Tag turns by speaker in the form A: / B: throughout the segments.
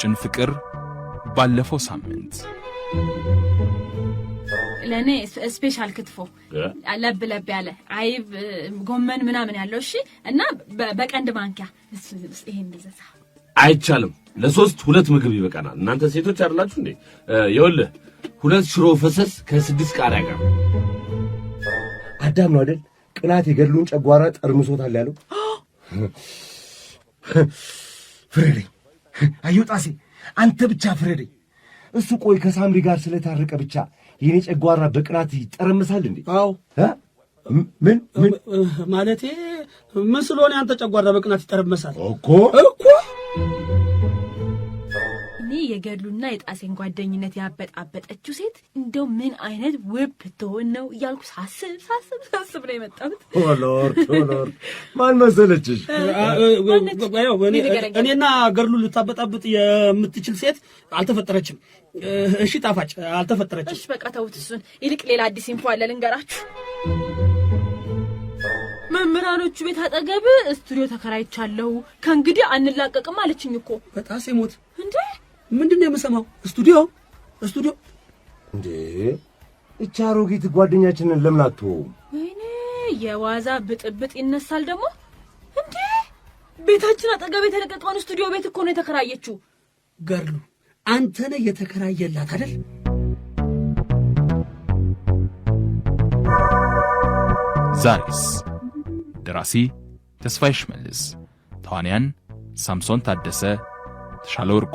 A: ቀጭን ፍቅር ባለፈው ሳምንት
B: ለእኔ ስፔሻል ክትፎ ለብ ለብ ያለ አይብ ጎመን ምናምን ያለው እሺ። እና በቀንድ ማንኪያ ይሄ እንደዘሳ
C: አይቻልም። ለሶስት ሁለት ምግብ ይበቃናል። እናንተ ሴቶች አይደላችሁ እንዴ? ይኸውልህ ሁለት ሽሮ ፈሰስ ከስድስት ቃሪያ ጋር
D: አዳም ነው አይደል? ቅናት የገድሉን ጨጓራ ጠርምሶታል ያለው ፍሬ አየሁ ጣሴ፣ አንተ ብቻ ፍረደኝ። እሱ ቆይ ከሳምሪ ጋር ስለታረቀ ብቻ የኔ ጨጓራ በቅናት ይጠረምሳል እንዴ?
E: አዎ። ምን ምን
F: ማለቴ ምን ያንተ ጨጓራ በቅናት ይጠረመሳል
E: እኮ
B: የገድሉና የጣሴን ጓደኝነት ያበጣበጠችው ሴት እንደው ምን አይነት ውብ ብትሆን ነው እያልኩ ሳስብ ሳስብ ሳስብ ነው የመጣሁት።
E: ሎርድ ሎርድ ማን መሰለችሽ?
F: እኔና ገድሉ ልታበጣብጥ የምትችል ሴት አልተፈጠረችም። እሺ ጣፋጭ አልተፈጠረችም። እሺ በቃ ተውት እሱን። ይልቅ ሌላ አዲስ ኢንፎ አለ ልንገራችሁ። መምህራኖቹ ቤት አጠገብ ስቱዲዮ ተከራይቻለሁ፣ ከእንግዲህ አንላቀቅም አለችኝ እኮ በጣሴ ሞት እንዴ ምንድን ነው የምሰማው? ስቱዲዮ ስቱዲዮ እንዴ! እቻ አሮጊት ጓደኛችንን ለምን አትወውም? ወይኔ የዋዛ ብጥብጥ ይነሳል ደግሞ እንዴ! ቤታችን አጠገብ የተለቀቀውን ስቱዲዮ ቤት እኮ ነው የተከራየችው። ገርሉ አንተነ የተከራየላት አይደል? ዛሬስ ደራሲ ተስፋዬ ሽመልስ፣ ተዋንያን ሳምሶን ታደሰ፣ ተሻለ ወርቁ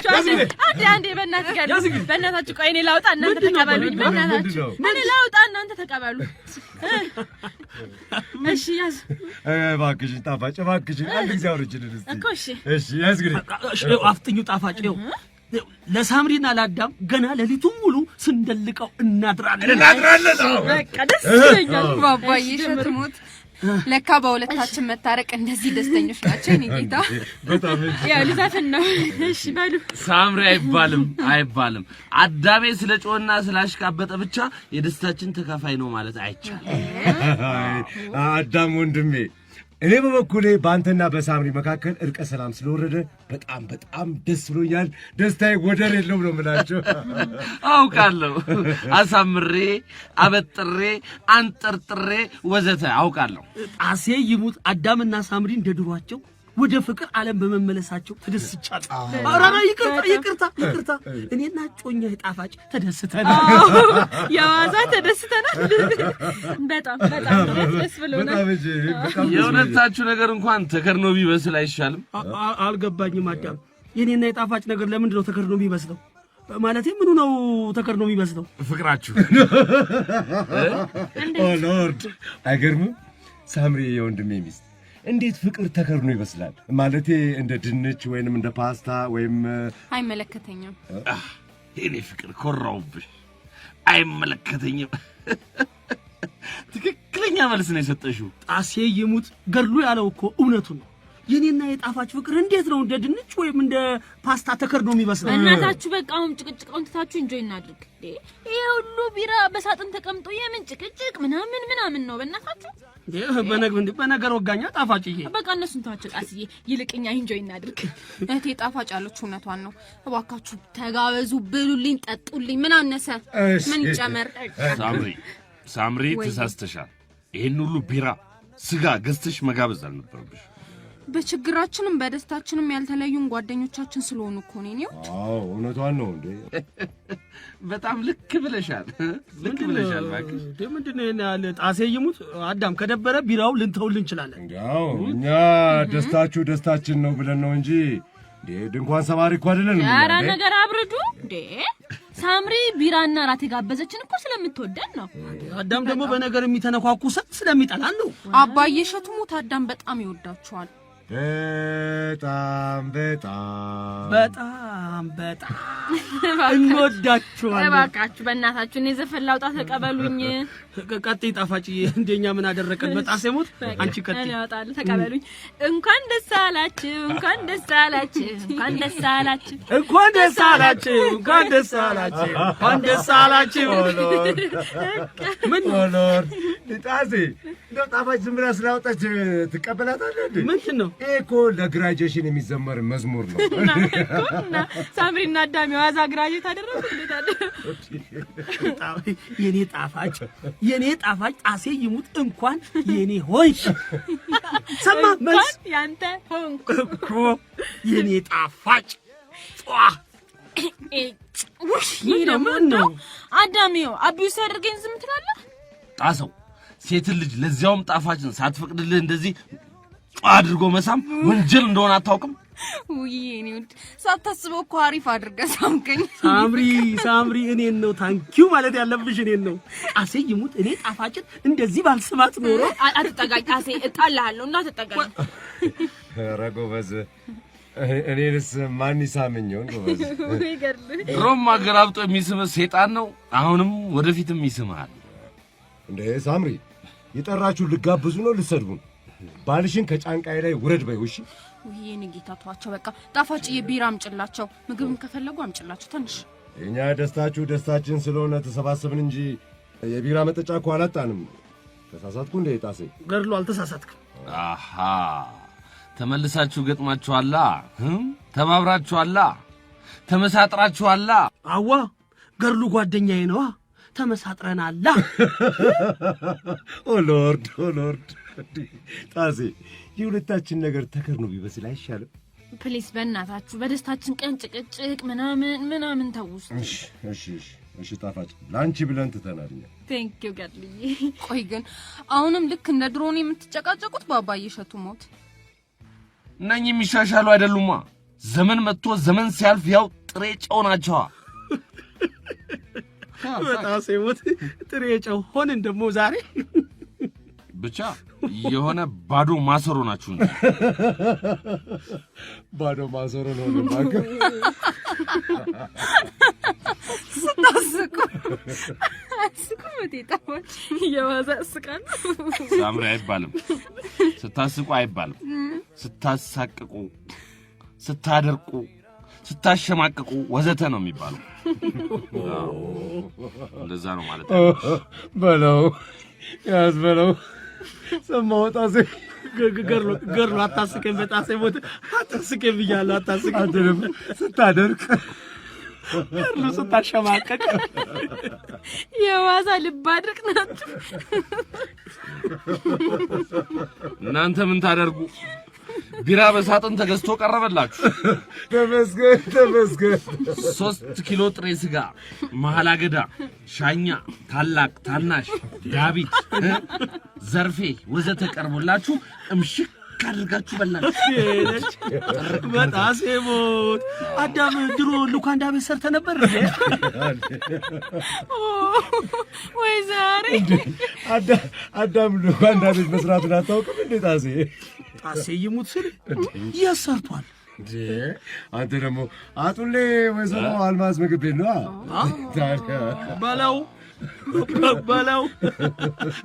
F: አንዴ አንዴ፣ በእናትህ ጋር በእናታችሁ፣ ቆይ እኔ ላውጣ፣ እናንተ ተቀበሉኝ። በእናታችሁ እኔ ላውጣ፣ እናንተ ተቀበሉ። እሺ ያዝ እባክሽ፣ ጣፋጭ እባክሽ፣ አንድ ጊዜ አውርጅልን እስኪ እኮ። እሺ እሺ፣ ያዝ ግን አፍጥኙ፣ ጣፋጭ ነው። ለሳምሪና ለአዳም ገና ሌሊቱን ሙሉ ስንደልቀው እናድራለን፣ እናድራለን። በቃ ደስ ይለኛል ባባዬ፣ ሸት ሞት ለካ በሁለታችን መታረቅ እንደዚህ ደስተኞች ናቸው። እኔ ጌታ በጣም ያው ነው። እሺ በሉ ሳምሪ አይባልም አይባልም። አዳሜ ስለ ጮና ስላሽቃበጠ ብቻ የደስታችን ተካፋይ ነው ማለት አይቻልም። አዳም ወንድሜ እኔ በበኩሌ በአንተና በሳምሪ መካከል እርቀ ሰላም ስለወረደ በጣም በጣም ደስ ብሎኛል። ደስታዬ ወደር የለውም ነው የምላቸው። አውቃለሁ፣ አሳምሬ፣ አበጥሬ፣ አንጠርጥሬ ወዘተ አውቃለሁ። ጣሴ ይሙት አዳምና ሳምሪ እንደ ድሯቸው ወደ ፍቅር ዓለም በመመለሳቸው ተደስቻለሁ። አራራ ይቅርታ ይቅርታ ይቅርታ። እኔና ጮኛ ጣፋጭ ተደስተናል፣ የዋዛ ተደስተናል። በጣም በጣም ደስ ብሎናል። የእውነታችሁ ነገር እንኳን ተከርኖ ቢበስል አይሻልም? አልገባኝም አዳም። የእኔና የጣፋጭ ነገር ለምንድን ነው ተከርኖ የሚበስለው? ማለቴ ምኑ ነው ተከርኖ የሚበስለው? ፍቅራችሁ። ኦ ሎርድ አይገርምም? ሳምሪ የወንድሜ ሚስት እንዴት ፍቅር ተከርኖ ይመስላል? ማለቴ እንደ ድንች ወይንም እንደ ፓስታ ወይም አይመለከተኝም። የኔ ፍቅር ኮራውብሽ። አይመለከተኝም ትክክለኛ መልስ ነው የሰጠሽው። ጣሴ ይሙት ገድሉ ያለው እኮ እውነቱ ነው። የኔና የጣፋጭ ፍቅር እንዴት ነው? እንደ ድንች ወይም እንደ ፓስታ ተከርዶ የሚበስለው? እናታችሁ በቃ አሁን ጭቅጭቅ ትታችሁ እንጆይ እናድርግ። ይሄ ሁሉ ቢራ በሳጥን ተቀምጦ የምን ጭቅጭቅ ምናምን ምናምን ነው? በእናታችሁ በነገር ወጋኛ ጣፋጭዬ። በቃ እነሱን ተዋቸው ጣስዬ፣ ይልቅኛ እንጆ እናድርግ። እህቴ ጣፋጭ ያለች እውነቷን ነው። እባካችሁ ተጋበዙ፣ ብሉልኝ፣ ጠጡልኝ። ምን አነሰ? ምን ጨመር? ሳምሪ ሳምሪ፣ ተሳስተሻል። ይህን ሁሉ ቢራ ስጋ ገዝተሽ መጋበዝ አልነበረብሽ በችግራችንም በደስታችንም ያልተለዩን ጓደኞቻችን ስለሆኑ እኮ ነው። ይኸውት፣ አዎ እውነቷን ነው እንዴ። በጣም ልክ ብለሻል፣ ልክ ብለሻል። እባክሽ ምንድን ነው ያለ ጣሴ ይሙት አዳም፣ ከደበረ ቢራው ልንተውል እንችላለን። እንዲያው እኛ ደስታችሁ ደስታችን ነው ብለን ነው እንጂ ድንኳን ሰባሪ እኮ አይደለን። ኧረ ነገር አብርዱ እንዴ ሳምሪ ቢራና ራት የጋበዘችን እኮ ስለምትወደን ነው። አዳም ደግሞ በነገር የሚተነኳኩሰን ስለሚጠላን ነው። አባዬ እሸቱ ሞት አዳም በጣም ይወዳችኋል። በጣም በጣም በጣም በጣም እንወዳችኋለን። እባካችሁ በእናታችሁ እኔ ዘፈን ላውጣ ተቀበሉኝ። ቀጤ ጣፋጭዬ እንደኛ ምን አደረቀን? በጣሴ ሞት አንቺ ቀጤ ያወጣል። ተቀበሉኝ። እንኳን ደስ አላችሁ፣ እንኳን ደስ አላችሁ፣ እንኳን ደስ አላችሁ፣ እንኳን ደስ አላችሁ፣ እንኳን ደስ አላችሁ፣ እንኳን ደስ አላችሁ። ምን ሎር ጣሴ እንደው ጣፋጭ ዝም ብላ ስላወጣች ትቀበላታለህ እንዴ? ምንድን ነው ይሄ? እኮ ለግራጁዌሽን የሚዘመር መዝሙር ነው። ሳምሪና አዳሚ ዋዛ ግራጁዌት አደረኩ እንዴት አለ የኔ ጣፋጭ የኔ ጣፋጭ ጣሴ ይሙት እንኳን የኔ ሆንሽ ሰማ መልስ ያንተ ሆንኩ እኮ የኔ ጣፋጭ ጧ ይህ ነው አዳሜው አቢውስ ያደርገኝ ዝም ትላለህ ጣሰው ሴትን ልጅ ለዚያውም ጣፋጭን ሳትፈቅድልህ እንደዚህ አድርጎ መሳም ወንጀል እንደሆነ አታውቅም እኔ ውድ ሳታስበው እኮ አሪፍ አድርገህ ሳምከኝ። ሳምሪ ሳምሪ፣ እኔን ነው ማለት ያለብሽ እኔን ነው። ጣሴ ይሙት እኔ ጣፋጭን እንደዚህ ባልስማት ኖሮ። አትጠጋኝ ጣሴ፣ እጣልሃለሁ እና አትጠጋኝ። ኧረ ጎበዝ፣ እኔንስ ማን ይሳመኝ ድሮም አገላብጦ ሴጣን ነው፣ አሁንም ወደፊትም ይስምሃል። እንደ ሳምሪ የጠራችሁ ልጋብዙ ነው ልትሰድቡን? ባልሽን ከጫንቃዬ ላይ ውረድ በይው እሺ። ይሄ የኔ ጌታ ተዋቸው፣ በቃ ጣፋጭ የቢራ አምጭላቸው፣ ምግብም ከፈለጉ አምጭላቸው ትንሽ። እኛ ደስታችሁ ደስታችን ስለሆነ ተሰባሰብን እንጂ የቢራ መጠጫ እኮ አላጣንም። ተሳሳትኩ እንደ ጣሴ ገድሎ አልተሳሳትክም። አሃ ተመልሳችሁ ገጥማችኋላ፣ ተባብራችኋላ፣ ተመሳጥራችኋላ። አዋ ገድሉ ጓደኛዬ ነዋ። ተመሳጥረናላ። ኦሎርድ ኦሎርድ ጣሴ የሁለታችን ነገር ተከርኖ ቢበስል አይሻልም? ፕሊስ በእናታችሁ በደስታችን ቀን ጭቅጭቅ ምናምን ምናምን ተውስ። እሺ እሺ እሺ፣ ጣፋጭ ለአንቺ ብለን ትተናልኛ። ቴንክ ዩ ጋድልዬ። ቆይ ግን አሁንም ልክ እንደ ድሮን የምትጨቃጨቁት በአባዬ እሸቱ ሞት እነኝ የሚሻሻሉ አይደሉማ። ዘመን መጥቶ ዘመን ሲያልፍ ያው ጥሬ ጨው ናቸዋ። በጣሴ ሞት ጥሬ ጨው ሆንን ደግሞ ዛሬ ብቻ የሆነ ባዶ ማሰሮ ናችሁ እንጂ ባዶ ማሰሮ ነው። ስታስቁ አስቁም። ጤጣዎች እየዋዛ እስቃል። ሳምሪ አይባልም፣ ስታስቁ አይባልም፣ ስታሳቅቁ፣ ስታደርቁ፣ ስታሸማቅቁ ወዘተ ነው የሚባለው። እንደዛ ነው ማለት ነው። በለው ያዝ በለው ሰማሁ። ጣሴ ገርሎ አታስቀኝ፣ በጣሴ ሞት አታስቀኝ ብያለሁ። አታስቀኝ ስታደርቅ ገርሎ ስታሸማቀቅ የዋዛ ልብ አድርቅ እናንተ ምን ታደርጉ ቢራ በሳጥን ተገዝቶ ቀረበላችሁ። ተመስገን ተመስገን። ሶስት ኪሎ ጥሬ ስጋ፣ መሀል አገዳ፣ ሻኛ፣ ታላቅ፣ ታናሽ፣ ዳቢት፣ ዘርፌ ወዘተ ቀርቦላችሁ እምሽክ አድርጋችሁ በላችሁ። በጣሴ ሞት አዳም ድሮ ሉካንዳ ቤት ሰርተ ነበር ወይ? ዛሬ አዳም ሉካንዳ ቤት መስራቱን አታውቅም እንዴ ጣሴ? ጣሴ ይሙት ስል ያሰርቷል። አንተ ደግሞ አጡሌ ወይዘሮ አልማዝ ምግብ ቤት ነዋ። በለው በለው፣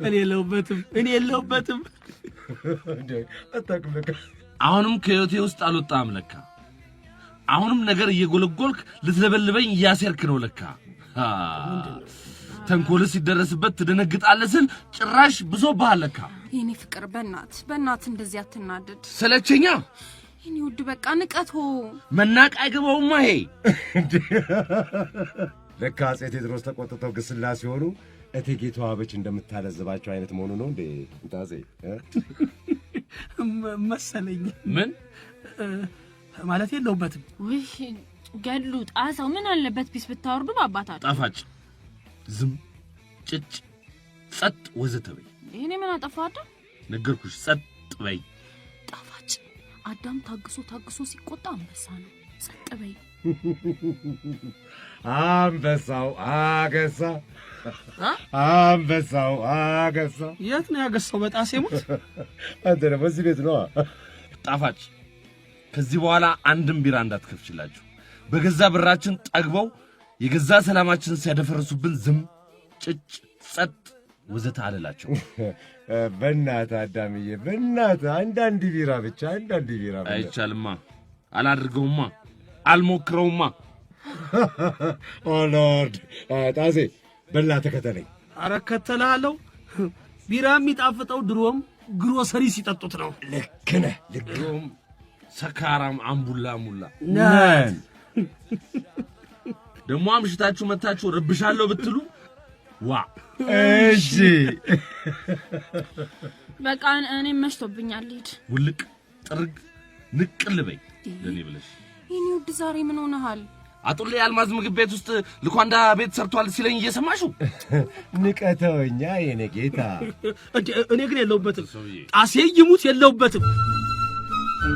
F: እኔ የለሁበትም፣ እኔ የለሁበትም። አሁንም ከህይወቴ ውስጥ አልወጣም ለካ። አሁንም ነገር እየጎለጎልክ ልትለበልበኝ እያሴርክ ነው ለካ። ተንኮልህ ሲደረስበት ትደነግጣለህ ስል ጭራሽ ብሶብሃል ለካ። የኔ ፍቅር በእናት በእናት እንደዚህ አትናደድ። ሰለቸኛ የኔ ውድ በቃ ንቀቶ መናቅ አይገባውማ። ሄ ለካ አጼ ቴዎድሮስ ተቆጥተው ግስላ ሲሆኑ እቴጌ ተዋበች እንደምታለዝባቸው አይነት መሆኑ ነው እንዴ? እንታጼ መሰለኝ። ምን ማለት የለውበትም። ውይ ገሉ ጣሰው ምን አለበት ቢስ ብታወርዱ በአባታችሁ ጣፋጭ ዝም ጭጭ ጸጥ ወዘተበይ ይሄኔ ምን አጠፋ? አዳም ነገርኩሽ፣ ጸጥ በይ። ጣፋጭ አዳም ታግሶ ታግሶ ሲቆጣ አንበሳ ነው። ጸጥ በይ። አንበሳው አገሳ፣ አንበሳው አገሳ። የት ነው ያገሳው? በጣሴ ሙት። አንተ ደግሞ እዚህ ቤት ነዋ። ጣፋጭ ከዚህ በኋላ አንድም ቢራ እንዳትከፍችላችሁ። በገዛ ብራችን ጠግበው የገዛ ሰላማችን ሲያደፈርሱብን ዝም ጭጭ ጸጥ ውዝት አልላቸው። በእናትህ አዳምዬ፣ በእናትህ አንዳንድ ቢራ ብቻ አንዳንድ ቢራ። አይቻልማ፣ አላድርገውማ፣ አልሞክረውማ። ኦሎርድ ጣሴ፣ በላ ተከተለኝ። አረ ከተላለሁ። ቢራ የሚጣፍጠው ድሮም ግሮሰሪ ሲጠጡት ነው። ልክ ነህ። ድሮም ሰካራም አምቡላ ሙላ ነን። ደግሞ አምሽታችሁ መታችሁ ርብሻለሁ ብትሉ ዋ እሺ፣ በቃ እኔ መሽቶብኛል። ልሂድ። ውልቅ ጥርግ ንቅል በይ ለኔ ብለሽ። የኔ ውድ ዛሬ ምን ሆነሃል? አጡሌ አልማዝ ምግብ ቤት ውስጥ ልኳንዳ ቤት ሰርቷል ሲለኝ እየሰማሹ ንቀተውኛ የኔ ጌታ። እኔ ግን የለውበትም ጣሴ ይሙት you.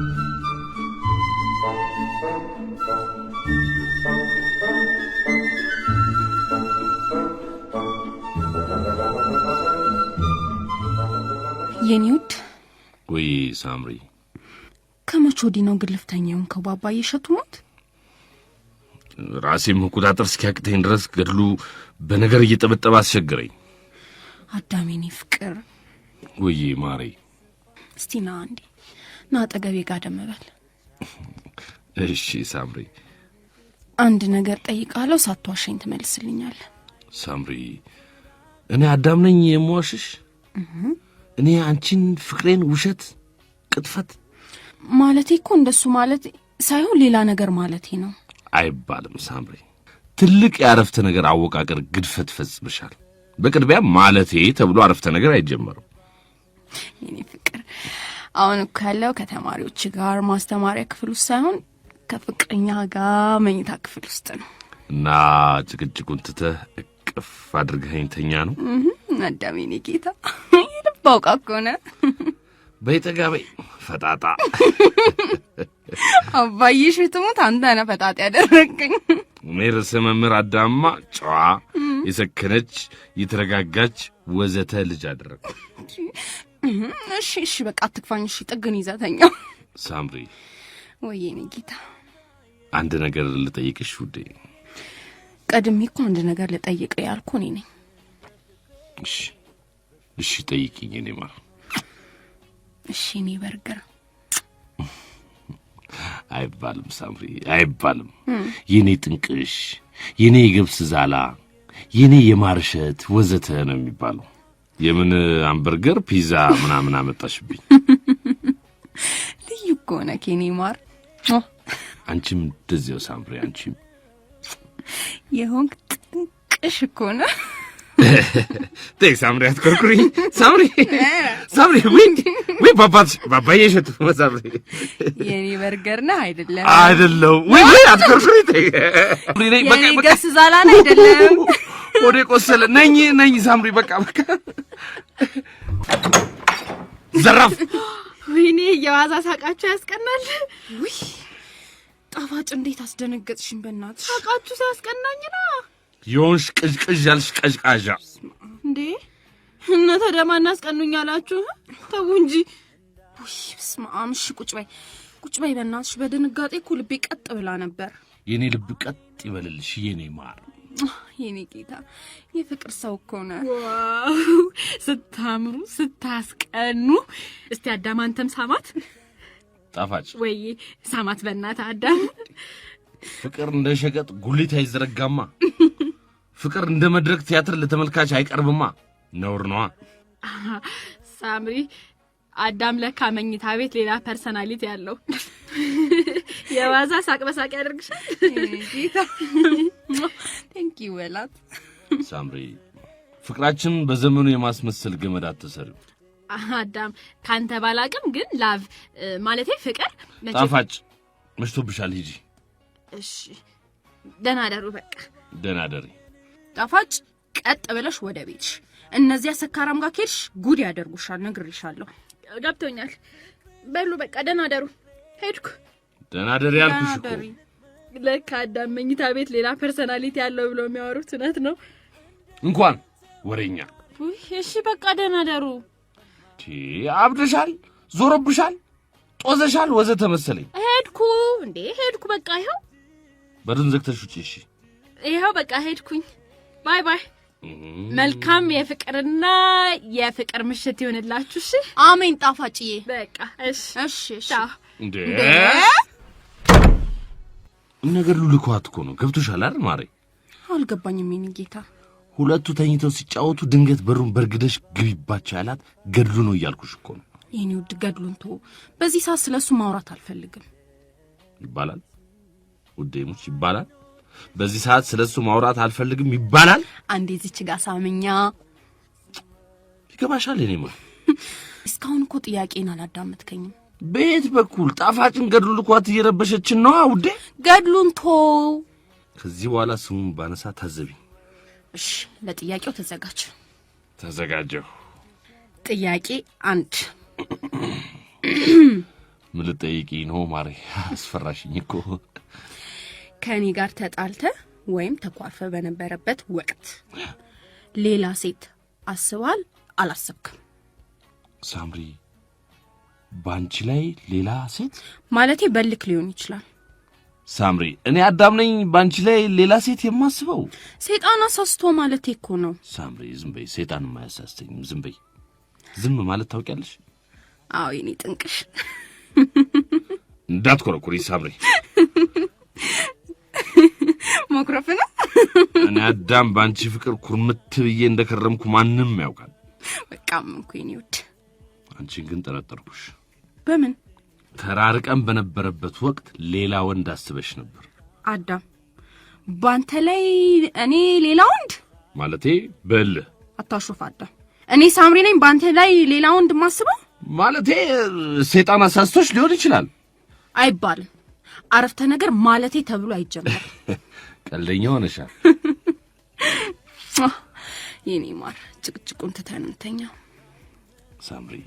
F: የኔ ውድ። ውይ ሳምሪ፣ ከመቼ ወዲህ ነው ግልፍተኛውን ከባባ እየሸቱ ሞት? ራሴ መቆጣጠር እስኪያቅተኝ ድረስ ገድሉ በነገር እየጠበጠበ አስቸግረኝ። አዳሜን ፍቅር፣ ውይ ማሬ፣ እስቲ ና እንዴ ና አጠገቤ ጋደም በል። እሺ ሳምሪ፣ አንድ ነገር ጠይቃለሁ፣ ሳትዋሸኝ ትመልስልኛለህ። ሳምሪ፣ እኔ አዳም ነኝ የምዋሽሽ? እኔ አንቺን ፍቅሬን ውሸት፣ ቅጥፈት ማለቴ እኮ እንደሱ ማለት ሳይሆን ሌላ ነገር ማለቴ ነው። አይባልም ሳምሪ፣ ትልቅ የአረፍተ ነገር አወቃቀር ግድፈት ፈጽምሻል። በቅድሚያ ማለቴ ተብሎ አረፍተ ነገር አይጀመርም። የኔ ፍቅር አሁን እኮ ያለው ከተማሪዎች ጋር ማስተማሪያ ክፍል ውስጥ ሳይሆን ከፍቅረኛ ጋር መኝታ ክፍል ውስጥ ነው። እና ጭቅጭቁን ትተህ እቅፍ አድርገኸኝ ተኛ ነው አዳሜኔ ጌታ አውቃ ከሆነ በይጠጋቤ ፈጣጣ አባዬ ሽትሙት አንተ ነህ ፈጣጣ ያደረገኝ። ርዕሰ መምህር አዳማ ጨዋ፣ የሰከነች፣ የተረጋጋች ወዘተ ልጅ አደረግ። እሺ እሺ በቃ አትክፋኝ። እሺ ጥግን ይዘተኛው ሳምሪ ወይኔ ጌታ አንድ ነገር ልጠይቅሽ ውዴ። ቀድሜ እኮ አንድ ነገር ልጠይቅ ያልኩ እኔ ነኝ። እሺ እሺ ጠይቅኝ። እኔ ማር። እሺ እኔ በርገር አይባልም ሳምሪ፣ አይባልም የኔ ጥንቅሽ፣ የኔ የገብስ ዛላ፣ የኔ የማርሸት ወዘተ ነው የሚባለው። የምን አምበርገር ፒዛ ምናምን አመጣሽብኝ? ልዩ እኮ ነህ የኔ ማር። አንቺም እንደዚያው ሳምሪ፣ አንቺም የሆንክ ጥንቅሽ እኮ Ты их сам ряд куркури. Сам ወይ ባባሽ ባባዬ እሸቱ መሳፍሪ የኔ በርገር ነህ አይደለም? አይደለም። ወይ ወይ አትከርፍሪ ተይ። በቃ በቃ ስዛላን አይደለም። ወደ ቆሰለ ነኝ ነኝ ሳምሪ በቃ በቃ ዘራፍ። ወይኔ የዋዛ ሳቃችሁ ያስቀናል። ውይ ጣፋጭ እንዴት አስደነገጥሽን! በእናትሽ ሳቃችሁ ሳያስቀናኝ ነው። የሆንሽ ቅዥቅዥ ያልሽ ቀዥቃዣ እንዴ! እነ ተደማ እናስቀኑኝ አላችሁ? ተው እንጂ። በስመ አብ! እሺ ቁጭ በይ ቁጭ በይ በእናትሽ። በድንጋጤ እኮ ልቤ ቀጥ ብላ ነበር። የኔ ልብ ቀጥ ይበልልሽ የኔ ማር የኔ ጌታ የፍቅር ሰው እኮ ነው። ስታምሩ ስታስቀኑ። እስቲ አዳም አንተም ሳማት ጣፋጭ ወይ ሳማት። በእናት አዳም ፍቅር እንደ ሸቀጥ ጉሊት አይዘረጋማ። ፍቅር እንደ መድረክ ቲያትር ለተመልካች አይቀርብማ፣ ነውር ነዋ። ሳምሪ አዳም ለካ መኝታ ቤት ሌላ ፐርሰናሊቲ ያለው የዋዛ ሳቅ በሳቅ ያደርግሻል። ቴንኪ ሳምሪ። ፍቅራችን በዘመኑ የማስመሰል ገመድ አትሰሪው አዳም። ካንተ ባላቅም ግን ላቭ ማለቴ ፍቅር ጣፋጭ። መሽቶብሻል፣ ሂጂ። እሺ፣ ደናደሩ በቃ ደህና ጣፋጭ ቀጥ ብለሽ ወደ ቤትሽ። እነዚያ ሰካራም ጋር ከሄድሽ ጉድ ያደርጉሻል፣ ነግሬሻለሁ። ገብቶኛል። በሉ በቃ ደህና አደሩ። ሄድኩ። ደህና ደሪ ያልኩሽ እኮ ለካ አዳም መኝታ ቤት ሌላ ፐርሰናሊቲ ያለው ብሎ የሚያወሩት እውነት ነው። እንኳን ወሬኛ። እሺ በቃ ደህና ደሩ። አብደሻል፣ ዞሮብሻል፣ ጦዘሻል፣ ወዘተ መሰለኝ። ሄድኩ እንዴ ሄድኩ። በቃ ይኸው በሩን ዘግተሽ ውጪ። እሺ ይኸው በቃ ሄድኩኝ። ባይ ባይ። መልካም የፍቅርና የፍቅር ምሽት ይሆንላችሁ። እሺ። አሜን። ጣፋጭዬ በቃ እሺ፣ እሺ፣ እሺ። እንዴ ነገር ልልኳት እኮ ነው። ገብቶሻል አይደል ማሬ? አልገባኝም። የእኔ ጌታ ሁለቱ ተኝተው ሲጫወቱ ድንገት በሩን በርግደሽ ግቢባቸው ያላት ገድሉ ነው እያልኩሽ እኮ ነው። የእኔ ውድ ገድሉን ተወው። በዚህ ሰዓት ስለ እሱ ማውራት አልፈልግም። ይባላል ውዴ፣ ሙች ይባላል በዚህ ሰዓት ስለሱ ማውራት አልፈልግም ይባላል። አንዴ እዚች ጋ ሳምኛ ይገባሻል። ማ እስካሁን እኮ ጥያቄን አላዳመጥከኝም። በየት በኩል ጣፋጭን ገድሉ ልኳት እየረበሸችን ነው ውዴ። ገድሉን ቶ ከዚህ በኋላ ስሙን ባነሳ ታዘቢኝ። እሺ፣ ለጥያቄው ተዘጋጅ። ተዘጋጀሁ። ጥያቄ አንድ ምን ነው ማሬ? አስፈራሽኝ እኮ ከእኔ ጋር ተጣልተ ወይም ተኳርፈ በነበረበት ወቅት ሌላ ሴት አስባል አላሰብክም? ሳምሪ በአንቺ ላይ ሌላ ሴት ማለቴ በልክ ሊሆን ይችላል። ሳምሪ እኔ አዳም ነኝ በአንቺ ላይ ሌላ ሴት የማስበው? ሴጣን አሳስቶ ማለቴ እኮ ነው። ሳምሪ ዝም በይ፣ ሴጣን የማያሳስተኝም። ዝም በይ። ዝም ማለት ታውቂያለሽ? አዎ የኔ ጥንቅሽ። እንዳትኮረኩሪ ሳምሪ። ሞክሮፍ ነው። እኔ አዳም በአንቺ ፍቅር ኩርምት ብዬ እንደከረምኩ ማንም ያውቃል። በቃም እኮ ይውድ። አንቺን ግን ጠረጠርኩሽ። በምን? ተራርቀን በነበረበት ወቅት ሌላ ወንድ አስበሽ ነበር አዳም። ባንተ ላይ እኔ ሌላ ወንድ ማለቴ በል አታሾፍ አዳም። እኔ ሳምሪ ነኝ ባንተ ላይ ሌላ ወንድ ማስበው? ማለቴ ሴጣን አሳስቶች ሊሆን ይችላል አይባልም አረፍተ ነገር ማለቴ ተብሎ አይጀመርም። ቀልደኛ ሆነሻል የኔ ማር። ጭቅጭቁን ትተን እንተኛ። ሳምሪ፣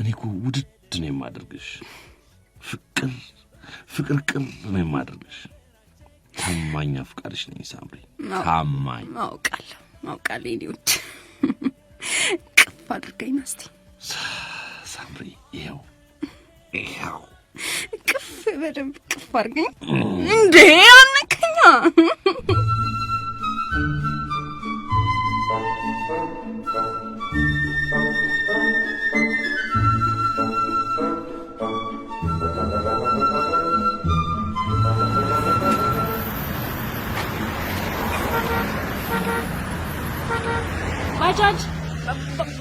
F: እኔ እኮ ውድድ ነው የማደርግሽ፣ ፍቅር ፍቅር ቅር ነው የማደርግሽ። ታማኝ አፍቃሪሽ ነኝ ሳምሪ፣ ታማኝ። አውቃለሁ አውቃለሁ የኔ ውድ። ቅፍ አድርገኝ ናስቲ። ሳምሪ፣ ይኸው ይኸው ቅፍ በደንብ ቅፍ አድርገኝ እንዴ! አነቀኛ ባጃጅ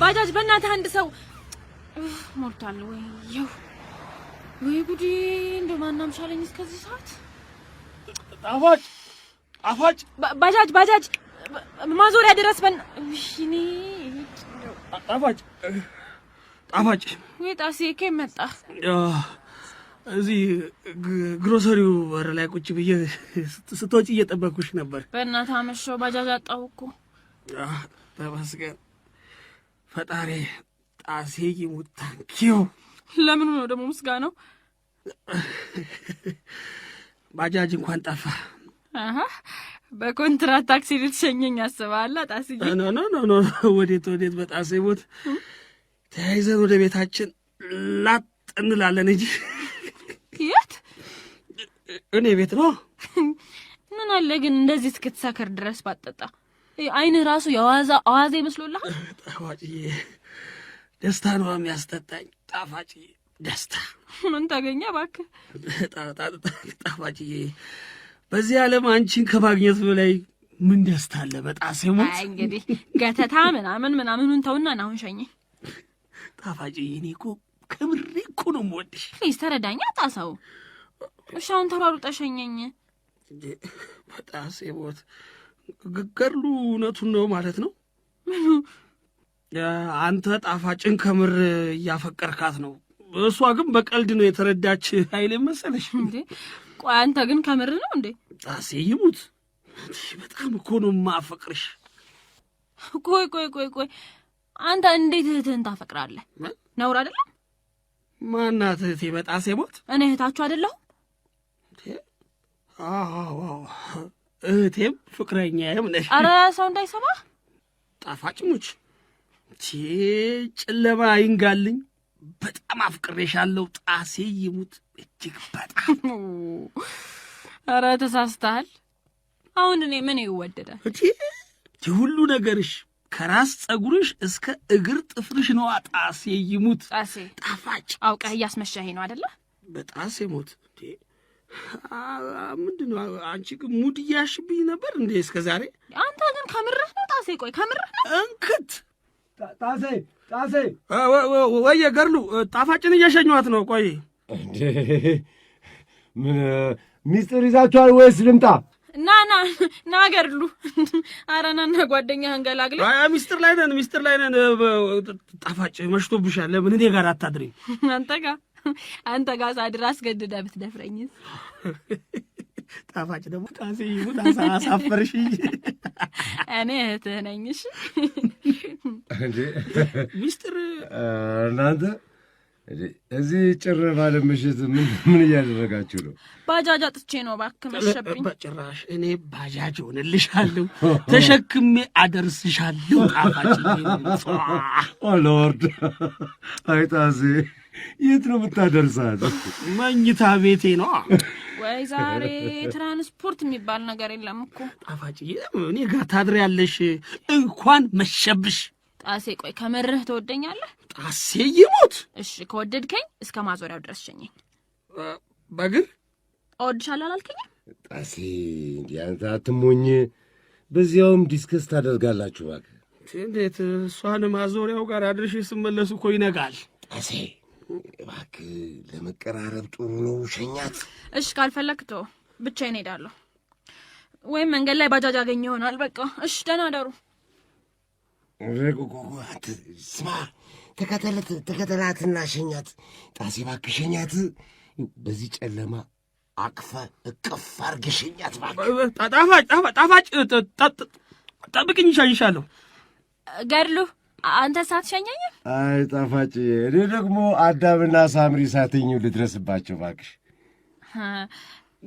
F: ባጃጅ፣ በእናትህ አንድ ሰው ሞልቷል ወይ? ወይ ጉዲ እንደው ማናም ሻለኝ እስከዚህ ሰዓት አፋጭ አፋጭ ባጃጅ ባጃጅ ማዞሪያ ድረስ በን እሺኒ ጣፋጭ ጣፋጭ ወይ ጣሴ ከመጣ እዚህ ግሮሰሪው በር ላይ ቁጭ ብዬ ስትወጪ እየጠበኩሽ ነበር። በእናትህ አመሸው ባጃጅ አጣሁ እኮ። ተመስገን ፈጣሪ። ጣሴ ይሙታንኪው ለምኑ ነው ደግሞ ምስጋናው? ባጃጅ እንኳን ጠፋ። በኮንትራት ታክሲ ልትሸኘኝ አስበሃል ጣስዬ? ኖ ኖ ኖ፣ ወዴት ወዴት፣ በጣሴ ሞት ተያይዘን ወደ ቤታችን ላጥ እንላለን እንጂ የት እኔ ቤት ነው። ምን አለ ግን እንደዚህ እስክትሰክር ድረስ ባጠጣ አይን ራሱ የዋዛ አዋዜ ይመስሎልሃል? ጣዋጭዬ ደስታ ነው የሚያስጠጣኝ ጣፋጭ ደስታ ምን ታገኘ እባክህ ጣፋጭዬ። በዚህ ዓለም አንቺን ከማግኘት በላይ ምን ደስታ አለ? በጣሴ ሞት እንግዲህ ገተታ ምናምን ምናምኑን ተውና አሁን ሸኝ ጣፋጭ እኔ እኮ ከምሬ እኮ ነው የምወድሽ። ፕሊዝ ተረዳኝ። አጣሰው እሺ፣ አሁን ተሯሩጠ ሸኘኝ። በጣሴ ሞት ገድሉ እውነቱን ነው ማለት ነው አንተ ጣፋጭን ከምር እያፈቀርካት ነው። እሷ ግን በቀልድ ነው የተረዳች ኃይሌ መሰለሽ። ቆይ አንተ ግን ከምር ነው እንዴ? ጣሴ ይሙት በጣም እኮ ነው ማፈቅርሽ። ቆይ ቆይ ቆይ ቆይ አንተ እንዴት እህትህን ታፈቅራለህ? ነውር አይደለም? ማናት እህቴ? በጣሴ ሞት እኔ እህታችሁ አይደለሁም? እህቴም ፍቅረኛዬም ነሽ። ኧረ ሰው እንዳይሰማ ጣፋጭ ሙች ጨለማ ይንጋልኝ። በጣም አፍቅሬሻለሁ። ጣሴ ይሙት። እጅግ በጣም ኧረ ተሳስተሃል። አሁን እኔ ምን ይወደዳል? የሁሉ ነገርሽ ከራስ ጸጉርሽ እስከ እግር ጥፍርሽ ነዋ። ጣሴ ይሙት። ጣሴ ጣፋጭ አውቀህ እያስመሻሄ ነው አደለ? በጣሴ ሞት ምንድን ነው? አንቺ ግን ሙድ እያሽብኝ ነበር እንዴ እስከ ዛሬ። አንተ ግን ከምርህ ነው ጣሴ? ቆይ ከምርህ ነው እንክት ጣሴ ጣሴ ወየ ገርሉ ጣፋጭን እየሸኟት ነው። ቆይ ምን ሚስጥር ይዛችኋል ወይስ ልምጣ? ና ና ና ገርሉ፣ ኧረ ና ና ጓደኛ አንገላግለ። ሚስጥር ላይ ነን፣ ሚስጥር ላይ ነን። ጣፋጭ መሽቶብሻል። ለምን እኔ ጋር አታድሪ? አንተ ጋር አንተ ጋር ሳድር አስገድዳ ብትደፍረኝስ ጣፋጭ ደግሞ ጣሴ ይሙት አሳፈርሽ። እኔ እህትህ ነኝ። እሺ ሚስጥር እናንተ እዚህ ጭር ባለ ምሽት ምን እያደረጋችሁ ነው? ባጃጅ አጥቼ ነው ባክ መሸብኝ። በጭራሽ እኔ ባጃጅ ሆንልሻለሁ፣ ተሸክሜ አደርስሻለሁ። ጣፋጭ ሎርድ አይጣዜ የት ነው የምታደርሳት? መኝታ ቤቴ ነው። ወይ ዛሬ ትራንስፖርት የሚባል ነገር የለም እኮ ጣፋጭ። እኔ ጋር ታድሪያለሽ። እንኳን መሸብሽ። ጣሴ ቆይ ከመርህ ትወደኛለህ? ጣሴ ይሞት። እሺ ከወደድከኝ እስከ ማዞሪያው ድረስ ሸኘኝ። በግር እወድሻለሁ አላልከኝም? ጣሴ እንዲህ አንተ አትሞኝ። በዚያውም ዲስከስ ታደርጋላችሁ። እባክህ እንዴት እሷን ማዞሪያው ጋር አድርሽ ስመለሱ እኮ ይነጋል ጣሴ እባክህ ለመቀራረብ ጥሩ ነው፣ ሸኛት። እሺ ካልፈለግቶ ተወው፣ ብቻዬን እሄዳለሁ። ወይም መንገድ ላይ ባጃጅ አገኘ ይሆናል። በቃ እሺ፣ ደህና አደሩ። ስማ፣ ተከተለት፣ ተከተላትና ሸኛት። ጣሴ እባክህ ሸኛት፣ በዚህ ጨለማ አቅፈ እቅፍ አድርገህ ሸኛት። ጣፋጭ ጣፋጭ፣ ጠብቅኝ፣ ይሻይሻለሁ። ገድሉ አንተ ሳትሸኘኝ? አይ ጣፋጭ፣ እኔ ደግሞ አዳምና ሳምሪ ሳትኙ ልድረስባቸው ባክሽ።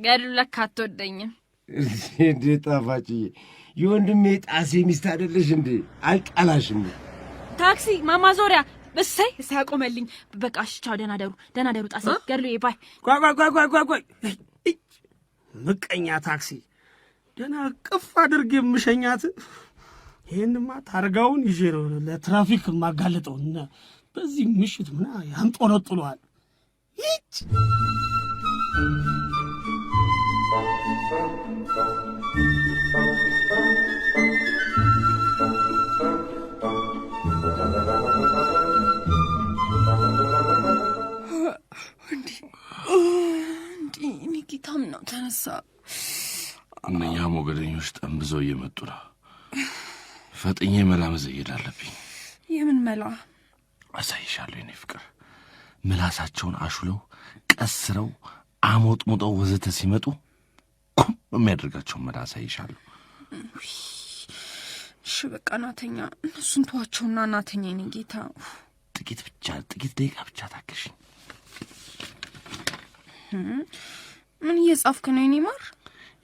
F: ገድሉ ለካ አትወደኝም እንዴ ጣፋጭ? የወንድሜ ጣሴ ሚስት አይደለሽ እንዴ? አልጠላሽም። ታክሲ ማማዞሪያ እሰይ እሰይ፣ ያቆመልኝ። በቃ እሺ፣ ቻው፣ ደህና ደሩ፣ ደህና ደሩ። ጣሴ ገድሉ ባይ። ቆይ ምቀኛ ታክሲ! ደህና ቅፍ አድርግ የምሸኛት ይህንማ ታርጋውን ይዤ ነው ለትራፊክ የማጋለጠው። በዚህ ምሽት ምና ያንጦለጥሏል ይች ጌታም ነው ተነሳ። እነኛ ሞገደኞች ጠንብዘው እየመጡ ነው። ፈጥኜ መላ መዘየድ አለብኝ። የምን መላ? አሳይሻለሁ የኔ ፍቅር። ምላሳቸውን አሹለው ቀስረው አሞጥሙጠው ወዘተ ሲመጡ ኩም የሚያደርጋቸውን መላ አሳይሻለሁ። እሺ በቃ ናተኛ፣ እነሱን ተዋቸውና ናተኛ። የኔ ጌታ ጥቂት ብቻ ጥቂት ደቂቃ ብቻ ታገሽኝ። ምን እየጻፍክ ነው የኔ ማር?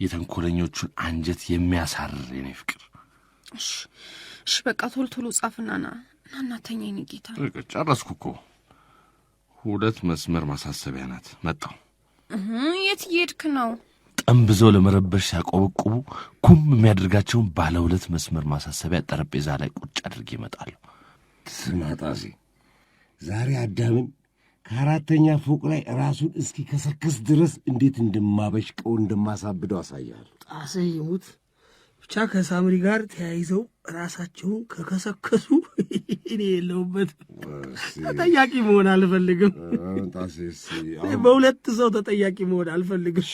F: የተንኮለኞቹን አንጀት የሚያሳርር የኔ ፍቅር እሺ በቃ ቶሎ ቶሎ ጻፍና ና እናተኛ። ተኛኝ ጌታ ጨረስኩ እኮ። ሁለት መስመር ማሳሰቢያ ናት። መጣሁ። የት እየሄድክ ነው? ጠንብዘው ለመረበሽ ሲያቆበቁቡ ኩም የሚያደርጋቸውን ባለ ሁለት መስመር ማሳሰቢያ ጠረጴዛ ላይ ቁጭ አድርጌ ይመጣሉ። ስማ ጣሴ፣ ዛሬ አዳምን ከአራተኛ ፎቅ ላይ ራሱን እስኪ ከሰክስ ድረስ እንዴት እንደማበሽቀው እንደማሳብደው አሳያለሁ። ጣሴ ይሙት ብቻ ከሳምሪ ጋር ተያይዘው ራሳቸውን ከከሰከሱ እኔ የለውበት ተጠያቂ መሆን አልፈልግም። በሁለት ሰው ተጠያቂ መሆን አልፈልግም።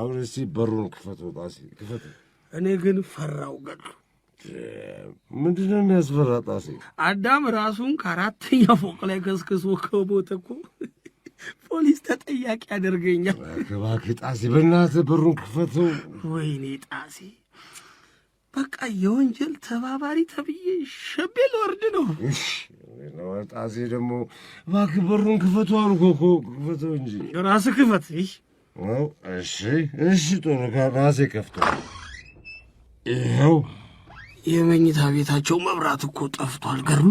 F: አሁን እስኪ በሩን ክፈቱ። እኔ ግን ፈራው ገሉ ምንድን ነው የሚያስፈራ ጣሴ? አዳም ራሱን ከአራተኛ ፎቅ ላይ ከስክሶ ከሞተ እኮ ፖሊስ ተጠያቂ ያደርገኛል። እባክህ ጣሴ፣ በእናትህ በሩን ክፈተው። ወይኔ ጣሴ፣ በቃ የወንጀል ተባባሪ ተብዬ ሸቤ ልወርድ ነው። ጣሴ ደግሞ እባክህ በሩን ክፈተው አልኩህ እኮ። ክፈተው እንጂ ራስህ ክፈት። እሺ፣ እሺ፣ ጥሩ ራሴ ከፍቶ ይኸው የመኝታ ቤታቸው መብራት እኮ ጠፍቷል ገርሉ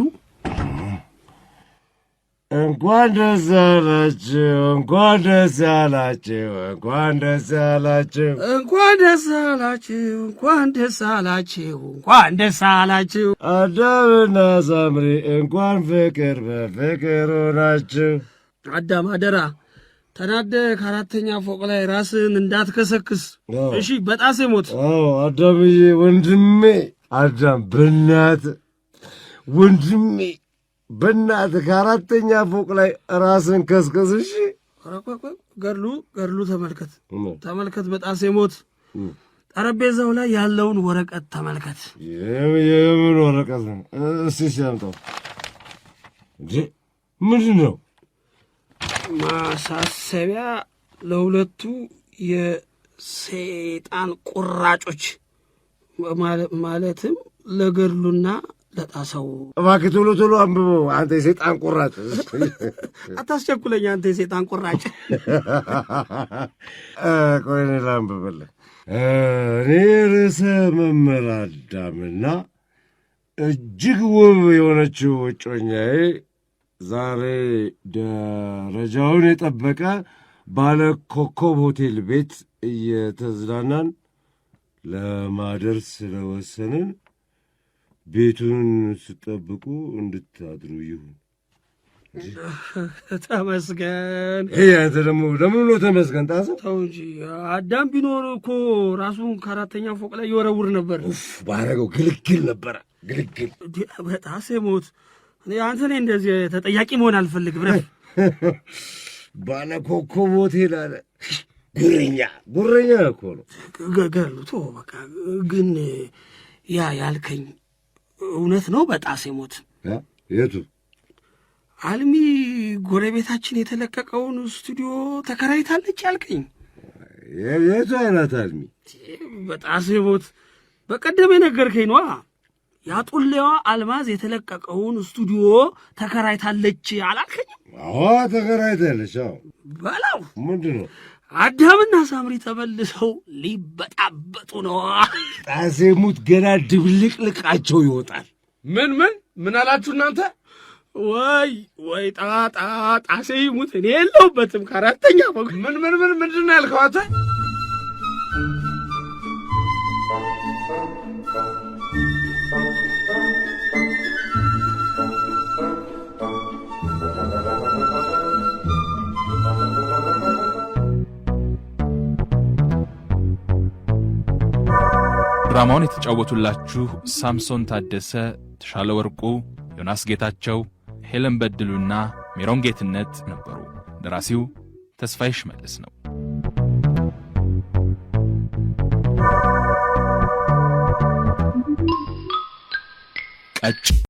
F: እንኳን ደስ አላችሁ! እንኳን ደስ አላችሁ! እንኳን ደስ አላችሁ! እንኳን ደስ አላችሁ! እንኳን ደስ አላችሁ! እንኳን ደስ አላችሁ! አዳምና ሳምሪ እንኳን ፍቅር በፍቅር ሆናችሁ። አዳም አደራ ተናደ ከአራተኛ ፎቅ ላይ ራስን እንዳትከሰክስ እሺ። በጣሴ ሞት። አዎ አዳምዬ፣ ወንድሜ አዳም፣ በናት ወንድሜ በእናትህ ከአራተኛ ፎቅ ላይ ራስን ከስከስ። እሺ ገድሉ ገድሉ ተመልከት፣ ተመልከት። በጣሴ ሞት ጠረጴዛው ላይ ያለውን ወረቀት ተመልከት። የምን ወረቀት ነው? እስቲ ሲያምጠው ምንድን ነው? ማሳሰቢያ ለሁለቱ የሰይጣን ቁራጮች ማለትም ለገድሉና ለጣሰው እባክህ ቶሎ ቶሎ አንብበው። አንተ የሴጣን ቁራጭ አታስቸኩለኝ። አንተ የሴጣን ቁራጭ ቆይን እኔ ላንብብልህ። እኔ ርዕሰ መምህር አዳምና እጅግ ውብ የሆነችው እጮኛዬ ዛሬ ደረጃውን የጠበቀ ባለ ኮከብ ሆቴል ቤት እየተዝናናን ለማደር ስለወሰንን ቤቱን ስጠብቁ እንድታድሩ ይሁን። ተመስገን። አንተ ደግሞ ለምን ነው ተመስገን? ጣሰ ተው እንጂ አዳም ቢኖር እኮ ራሱን ከአራተኛ ፎቅ ላይ ይወረውር ነበር። ባረገው ግልግል ነበረ ግልግል። በጣሴ ሞት አንተ እኔ እንደዚህ ተጠያቂ መሆን አልፈልግም። ረፍ ባለኮኮ ሞት ይላለ ጉረኛ ጉረኛ እኮ ነው ገሉ። በቃ ግን ያ ያልከኝ እውነት ነው። በጣሴ ሞት የቱ አልሚ ጎረቤታችን የተለቀቀውን ስቱዲዮ ተከራይታለች ያልከኝ የቱ አይነት አልሚ? በጣሴ ሞት በቀደም የነገርከኝ ነዋ። ያጡሌዋ አልማዝ የተለቀቀውን ስቱዲዮ ተከራይታለች አላልከኝም? አዎ ተከራይታለች። አዎ በላው ምንድን ነው አዳምና ሳምሪ ተመልሰው ሊበጣበጡ ነው። ጣዜሙት ገና ድብልቅልቃቸው ይወጣል። ምን ምን ምን አላችሁ እናንተ? ወይ ወይ ጣጣ ጣሴ ይሙት እኔ የለውበትም ከአራተኛ ፎቅ ምን ምን ምን ምንድን ነው ያልከዋተ ድራማውን የተጫወቱላችሁ ሳምሶን ታደሰ፣ ተሻለ ወርቁ፣ ዮናስ ጌታቸው፣ ሄለን በድሉና ሜሮን ጌትነት ነበሩ። ደራሲው ተስፋዬ ሽመልስ ነው። ቀጭ